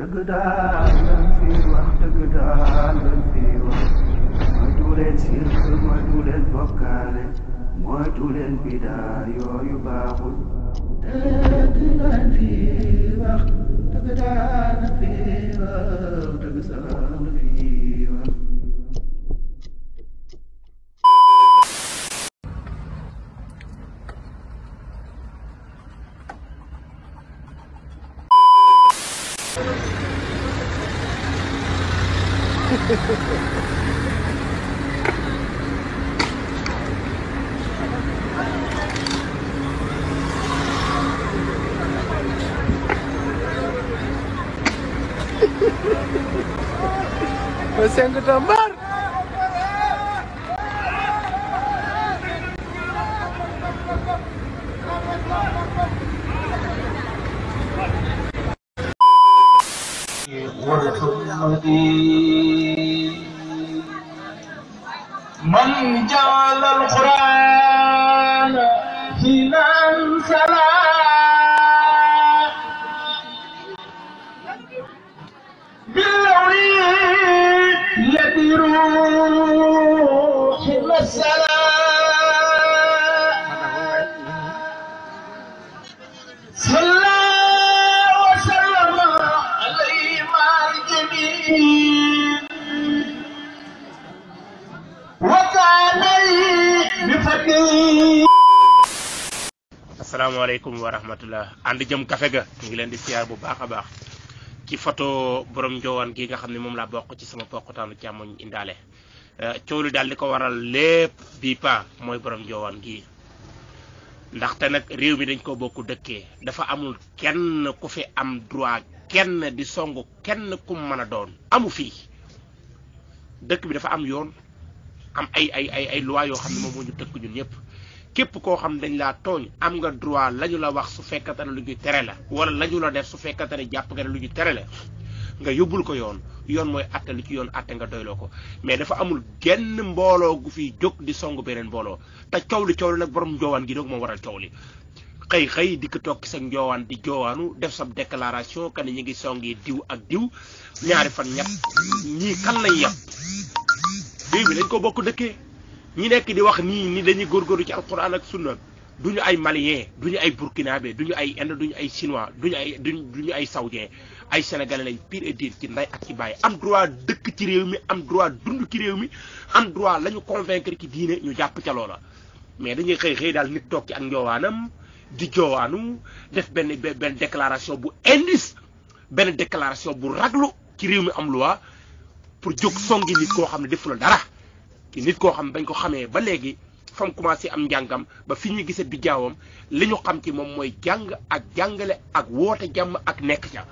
dëgg daal lañ fi wax dëgg daal lañ fi wax moytu leen sirk moytu leen bokkaale moytu leen bidaa yooyu baaxul. dëgg lañ fi wax dëgg daal lañ fi wax dëgg sax lañ fi. Mesin ketambar. من جعل القرآن Assalamualaikum warahmatullah. Andi jëm kafe ga ngi len di siar bu baax baax ci photo borom jowan gi nga xamni mom la laa ci sama poqutaanu tanu indaale indalé eh, li daal di ko waral lepp bi pa moy borom jowan gi ndaxte nak réew mi dañ ko bokku dëkkee dafa amul kenn ku fi am droit kenn di songu kenn ku mëna doon amu fi dëkk bi dafa am yoon am ay ay ay ay loi yoo xam ne moo ñu tëkk ñun ñëpp képp koo xam dañ laa tooñ am nga droit la la wax su fekkate ne lu ñu tere la wala la ñu la def su fekkate ne jàpp nga ne lu ñu tere nga yóbbul ko yoon yoon mooy atte ci yoon atte nga doyloo ko mais dafa amul genn mbooloo gu fiy jóg di songu beneen mbooloo te coow li coow li nag borom njoowaan gi doog moo waral coow li xëy xëy dikk toog sa njoowaan di joowaanu def sa déclaration que ne ñu ngi songi diw ak diw ñaari fan ñett ñii kan lañ yàpp réew mi ko bokku dëkkee ñi nekk di wax ni ni dañuy gor góorgóorlu ci alquran ak sunna duñu ay malien duñu ay burkinabé duñu ay inde duñu ay chinois duñu ay duñu ay saoudien ay sénégalais lañ pire et dire ci nday ak ci bàyyi am droit dëkk ci réew mi am droit dund ci réew mi am droit lañu convaincre ci diiné ñu japp ci loola mais dañuy xey xey dal nit toog ci ak njoowaanam di joowaanu def ben ben déclaration bu indice ben déclaration bu raglu ci réew mi am loi pour jóg songi nit koo xam ne defu la dara ki nit koo xam bañ ko xamee ba léegi fam commencé am njàngam ba fi ñu gisee bi jaawam li ñu xam ci moom mooy jàng ak jàngale ak woote jàmm ak nekk ca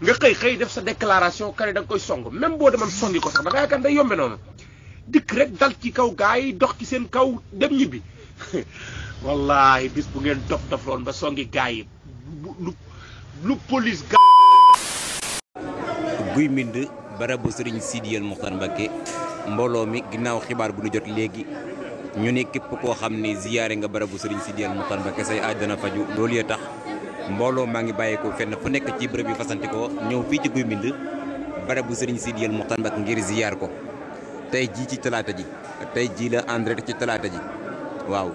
nga xëy xëy def sa déclaration kane danga koy song même boo demoon songi ko sax da nga yaakaar day yombe noonu dikk rek dal ci kaw gaa yi dox ci seen kaw dem ñibbi wallaahi bis bu ngeen dof dof loon ba songi gaa yi lu lu police ga guy mbind barabu sëriñ Sidiyal Muxtaar Mbakke mbooloo mi ginnaaw xibaar bu ñu jot léegi ñu ne képp koo xam ni ziyaare nga barabu sëriñ Sidiyal Muxtaar Mbakke say aaj dana faju loolu ya tax mbooloo maa ngi bàyyi fenn fu nekk ci bërëb yi fasante ko ñëw fii ci Guy Mbind barabu sëriñ Sidiyal Muxtaar Mbakke ngir ziyaar ko tey jii ci talaata ji tey jii la en direct ci talaata ji waaw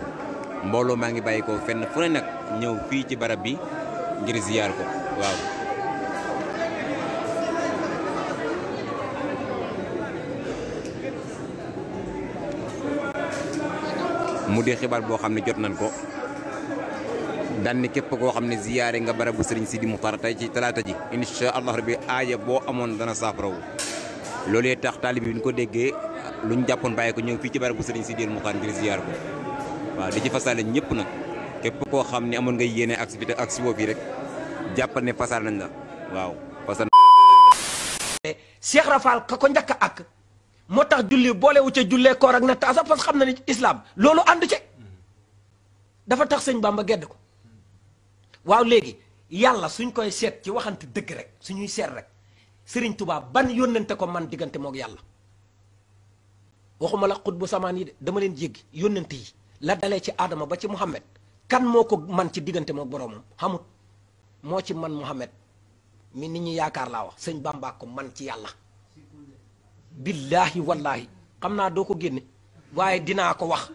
mbooloo maa ngi bàyyi ko fenn fu ne nag ñëw fii ci barab bi ngir ziyaar ko waaw mu dee xibaar boo xam ne jot nañ ko daan ne képp koo xam ne ziyaare nga barabu sëriñ Sidi Muxtaar tey ci talaata ji incha allah rabbi aaja boo amoon dana saafarawu loolee tax taalib bi ñu ko déggee lu ñu jàppoon bàyyi ko ñëw fii ci barabu sëriñ Sidi Muxtaar ngir ziyaar ko waaw di ji fasaale ñëpp nag képp koo xam ne amoon nga yéene ak si bi ak si woo rek jàppal ne fasaal na la waaw fasal Cheikh Rafal ka ko njëkk ak moo tax julli boolewu ca jullee koor ak natt asaka parce xam na ni islaam loolu ànd ci dafa tax sëñ Bamba gedd ko waaw léegi yàlla suñ koy seet ci waxante dëgg rek suñuy seet rek sëriñ tubaab ban yónnante ko man diggante moog yàlla waxuma la xut bu samaan yi de dama leen jéggi yónnante yi la dalee ci aadama ba ci Muhammad kan moo ko man ci diggante moog boroomam xamut moo ci man Muhammad mi nit ñi yaakaar laa wax sëñ Bamba ko man ci yàlla billaahi wallaahi xam naa doo ko génne waaye dinaa ko wax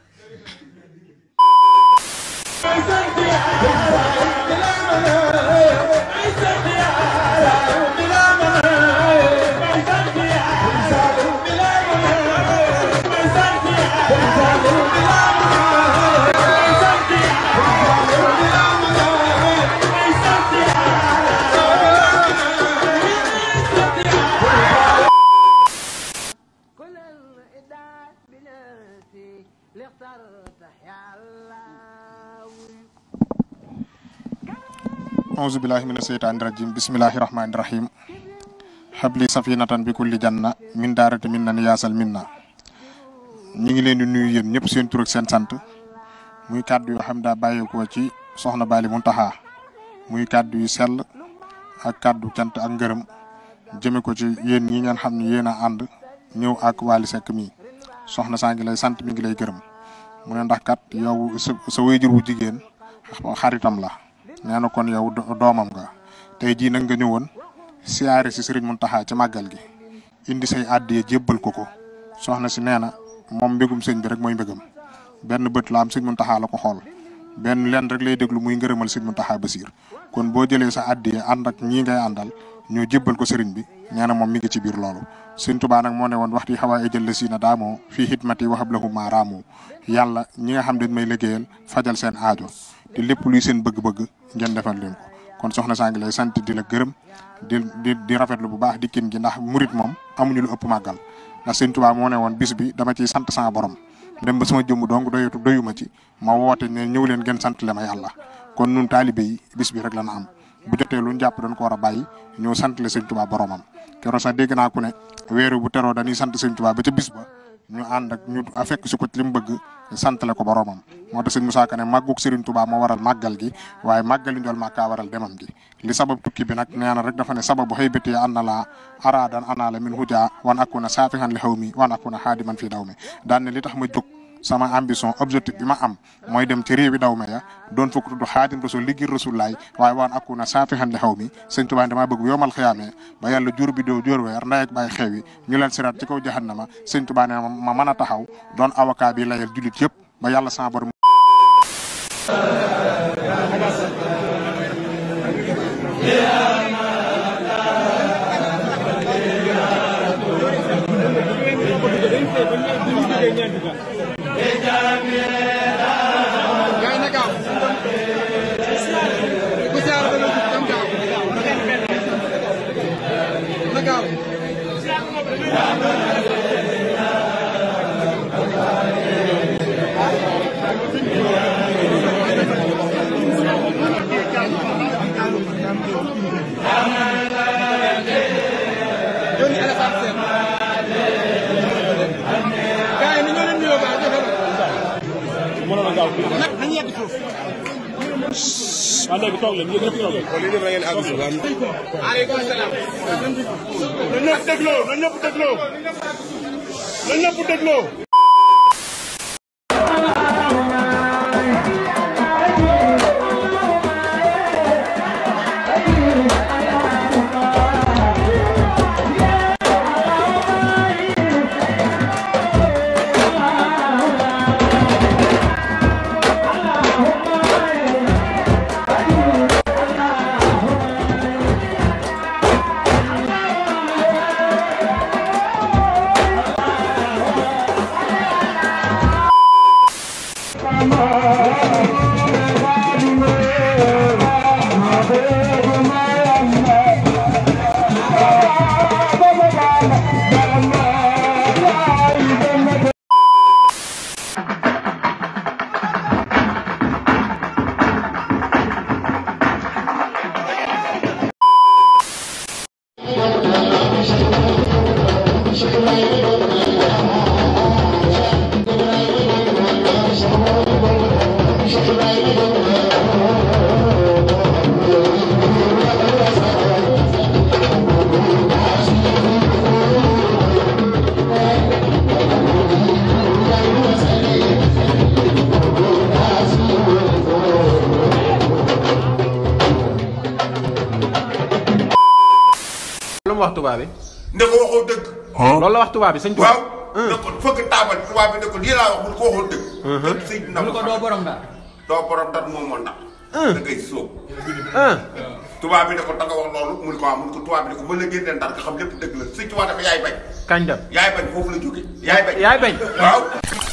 auzu billahi mina seytaani rajim bismillahi rahmaani rahim xabli safinatan bi kulli janna min daarati min nan yaasal min na ñu ngi leen di nuyu yéen ñëpp seen tur seen sant muy kàddu yoo xam daa ko ci soxna Bali taxa muy kàddu yu sel ak kàddu cant ak ngërëm jëme ko ci yéen ñi ngeen xam ni yéen a ànd ñëw ak Wally Seck mi soxna saa ngi lay sant mi ngi lay gërëm mu ne ndax kat yow sa sa wéyjur jigéen xaritam la nee na kon yow doomam nga tey jii nag nga ñëwoon siyaare si sëriñ Muntaxa ci màggal gi indi say àddiya jébbal ko ko soxna si nee na moom mbégum sëñ bi rek mooy mbégam benn bët la am sëñ Muntaxa la ko xool benn leen rek lay déglu muy ngërëmal sëñ Muntaxa Basiir kon boo jëlee sa àddiya ànd ak ñii ngay àndal ñoo jébbal ko sëriñ bi ñaana moom mi ngi ci biir loolu sëriñ Tuubaa nag moo ne woon waxtu yi xawaa ijal la si na daamoo fii xidmati waxab lahu maa raamoo ñi nga xam dañ may liggéeyal fajal seen aajo te lépp luy seen bëgg-bëgg ngeen defal leen kon soxna saa ngi lay sant di la gërëm di di di rafetlu bu baax dikkin gi ndax murit moom amuñu lu ëpp màggal ndax sëriñ Tuubaa moo ne woon bis bi dama ciy sant sama borom dem ba sama jëmm dong doyutu doyuma ci ma woote ne ñëw leen sant le ma yàlla kon nun taalibe yi bi rek la na am bu jotee lu jàpp dañ ko war a bàyyi ñëw sant le sëñ Tuubaa boromam keroog sax dégg naa ku ne weeru bu teroo dañuy sant sëñ Tuubaa ba ca bis ba ñu ànd ak ñu fekk si ko lim bëgg sant la ko boromam moo tax sëñ Moussa Ka ne màggug Serigne Touba moo waral màggal gi waaye màggali njool màkkaa waral demam gi li sabab tukki bi nag nee na rek dafa ne sababu xëy béti an na laa araadan anaala min huja wan akuna saafihan li xaw mi wan akuna xaadiman fii daw mi daan ne li tax ma jóg sama ambition objectif bi ma am mooy dem ci réewi daw ma ya doon fa ko tudd xaatim rasul waaye waan akku na saafi xan li xaw mi sëñ Tuubaa damaa bëgg yomal xiyaamee ba yàlla jur bi doo jóor weer ndey ak bàyyi xew yi ñu leen siraat ci kaw jahannama sëñ Tuubaa ne ma mën a taxaw doon avocat bi layal jullit yëpp ba yàlla sa borom ah léegi toog leen yéen a toog leen. kon li ñu def da ngeen àgg si waat. aleykum salaam. na ñëpp dégloo na ñëpp dégloo. na ñëpp dégloo. tubaab bi. ne ko waxoo dëgg. loolu la wax tubaab bi sëñ tubaab. waaw hmm. ne ko fëgg taabal tubaab bi ne ko lii laa wax bu ko waxoon dëgg. dëgg sëñ na ko doo borom daal. doo borom daal moom moo naq. Hmm. da ngay sóob. Hmm. tubaab bi ne ko danga wax loolu mu ne ko waaw mu ne ko tubaab bi ne ko mën la génne ndar nga xam lépp dëgg la sëñ tubaab dafa yaay bañ. kañ dem yaay bañ foofu la jóge yaay bañ yaay bañ waaw.